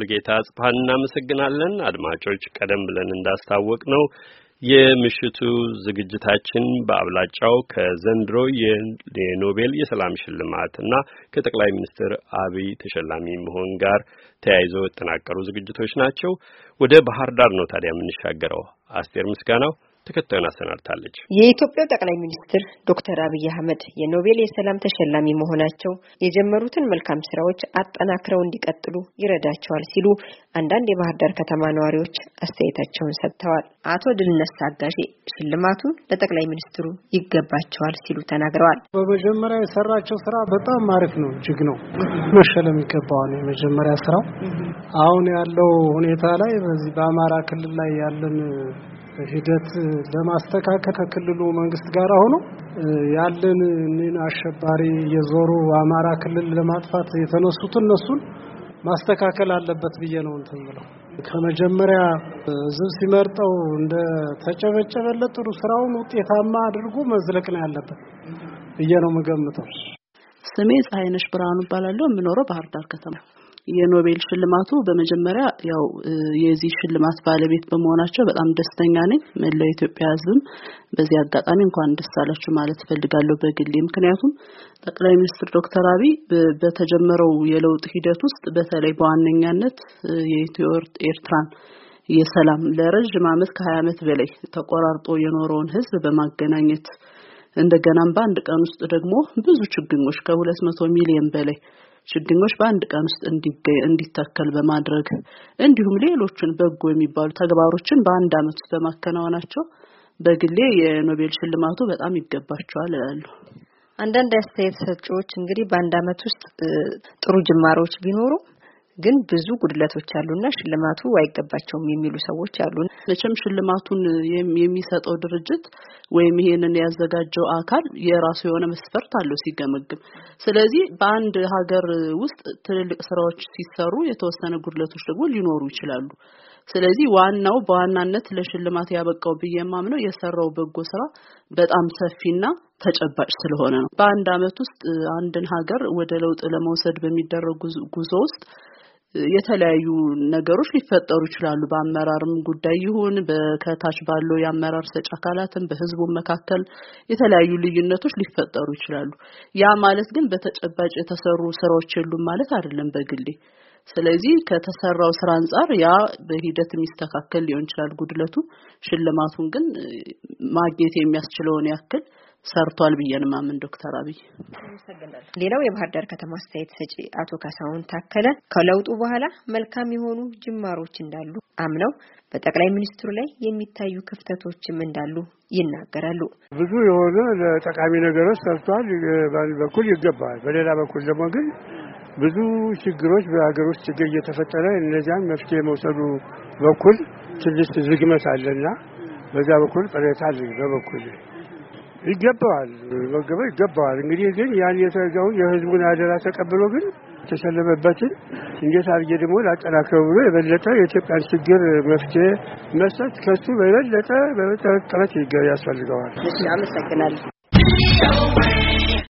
ሙሉጌታ ጽፋን እናመሰግናለን። አድማጮች ቀደም ብለን እንዳስታወቅ ነው የምሽቱ ዝግጅታችን በአብላጫው ከዘንድሮ የኖቤል የሰላም ሽልማት እና ከጠቅላይ ሚኒስትር አብይ ተሸላሚ መሆን ጋር ተያይዞ የተጠናቀሩ ዝግጅቶች ናቸው። ወደ ባህር ዳር ነው ታዲያ የምንሻገረው። አስቴር ምስጋናው ተከታዩን አሰናድታለች። የኢትዮጵያው ጠቅላይ ሚኒስትር ዶክተር አብይ አህመድ የኖቤል የሰላም ተሸላሚ መሆናቸው የጀመሩትን መልካም ስራዎች አጠናክረው እንዲቀጥሉ ይረዳቸዋል ሲሉ አንዳንድ የባህር ዳር ከተማ ነዋሪዎች አስተያየታቸውን ሰጥተዋል። አቶ ድልነሳ አጋሼ ሽልማቱ ለጠቅላይ ሚኒስትሩ ይገባቸዋል ሲሉ ተናግረዋል። በመጀመሪያ የሰራቸው ስራ በጣም አሪፍ ነው፣ እጅግ ነው መሸለም ይገባዋል። የመጀመሪያ ስራው አሁን ያለው ሁኔታ ላይ በዚህ በአማራ ክልል ላይ ያለን ሂደት ለማስተካከል ከክልሉ መንግስት ጋር ሆኖ ያለን እኒን አሸባሪ የዞሩ አማራ ክልል ለማጥፋት የተነሱት እነሱን ማስተካከል አለበት ብዬ ነው እንትን ብለው ከመጀመሪያ ህዝብ ሲመርጠው እንደ ተጨበጨበለት ጥሩ ስራውን ውጤታማ አድርጎ መዝለቅ ነው ያለበት ብዬ ነው የምገምተው። ስሜ ፀሐይነሽ ብርሃኑ እባላለሁ። የምኖረው ባህር ዳር ከተማ የኖቤል ሽልማቱ በመጀመሪያ ያው የዚህ ሽልማት ባለቤት በመሆናቸው በጣም ደስተኛ ነኝ። መላው የኢትዮጵያ ሕዝብም በዚህ አጋጣሚ እንኳን ደስ አላችሁ ማለት ፈልጋለሁ በግሌ። ምክንያቱም ጠቅላይ ሚኒስትር ዶክተር አብይ በተጀመረው የለውጥ ሂደት ውስጥ በተለይ በዋነኛነት የኢትዮ ኤርትራን የሰላም ለረጅም ዓመት ከሀያ ዓመት በላይ ተቆራርጦ የኖረውን ህዝብ በማገናኘት እንደገናም በአንድ ቀን ውስጥ ደግሞ ብዙ ችግኞች ከሁለት መቶ ሚሊዮን በላይ ችግኞች በአንድ ቀን ውስጥ እንዲተከል በማድረግ እንዲሁም ሌሎችን በጎ የሚባሉ ተግባሮችን በአንድ አመት ውስጥ በማከናወናቸው በግሌ የኖቤል ሽልማቱ በጣም ይገባቸዋል እላሉ። አንዳንድ አስተያየት ሰጪዎች እንግዲህ በአንድ አመት ውስጥ ጥሩ ጅማሮች ቢኖሩ ግን ብዙ ጉድለቶች አሉና ሽልማቱ አይገባቸውም የሚሉ ሰዎች አሉ። መቼም ሽልማቱን የሚሰጠው ድርጅት ወይም ይሄንን ያዘጋጀው አካል የራሱ የሆነ መስፈርት አለው ሲገመግም። ስለዚህ በአንድ ሀገር ውስጥ ትልልቅ ስራዎች ሲሰሩ የተወሰነ ጉድለቶች ደግሞ ሊኖሩ ይችላሉ። ስለዚህ ዋናው በዋናነት ለሽልማት ያበቃው ብዬ የማምነው የሰራው በጎ ስራ በጣም ሰፊና ተጨባጭ ስለሆነ ነው። በአንድ አመት ውስጥ አንድን ሀገር ወደ ለውጥ ለመውሰድ በሚደረግ ጉዞ ውስጥ የተለያዩ ነገሮች ሊፈጠሩ ይችላሉ። በአመራርም ጉዳይ ይሁን በከታች ባለው የአመራር ሰጭ አካላትም በህዝቡ መካከል የተለያዩ ልዩነቶች ሊፈጠሩ ይችላሉ። ያ ማለት ግን በተጨባጭ የተሰሩ ስራዎች የሉም ማለት አይደለም በግሌ። ስለዚህ ከተሰራው ስራ አንጻር ያ በሂደት የሚስተካከል ሊሆን ይችላል ጉድለቱ። ሽልማቱን ግን ማግኘት የሚያስችለውን ያክል ሰርቷል ብዬ ነው ዶክተር አብይ። ሌላው የባህር ዳር ከተማ አስተያየት ሰጪ አቶ ካሳሁን ታከለ ከለውጡ በኋላ መልካም የሆኑ ጅማሮች እንዳሉ አምነው በጠቅላይ ሚኒስትሩ ላይ የሚታዩ ክፍተቶችም እንዳሉ ይናገራሉ። ብዙ የሆነ ጠቃሚ ነገሮች ሰርቷል፣ በአንድ በኩል ይገባል። በሌላ በኩል ደግሞ ግን ብዙ ችግሮች በሀገር ውስጥ ችግር እየተፈጠረ እነዚያን መፍትሄ መውሰዱ በኩል ትንሽ ዝግመት አለና በዛ በኩል ቅሬታ አለኝ በበኩል ይገባዋል መገበር ይገባዋል። እንግዲህ ግን ያን የተጋውን የህዝቡን አደራ ተቀብሎ ግን የተሸለመበትን እንዴት አድርጌ ደግሞ ላጠናክረው ብሎ የበለጠ የኢትዮጵያን ችግር መፍትሄ መስጠት ከሱ በበለጠ በበለጠ ጥረት ያስፈልገዋል። አመሰግናለሁ።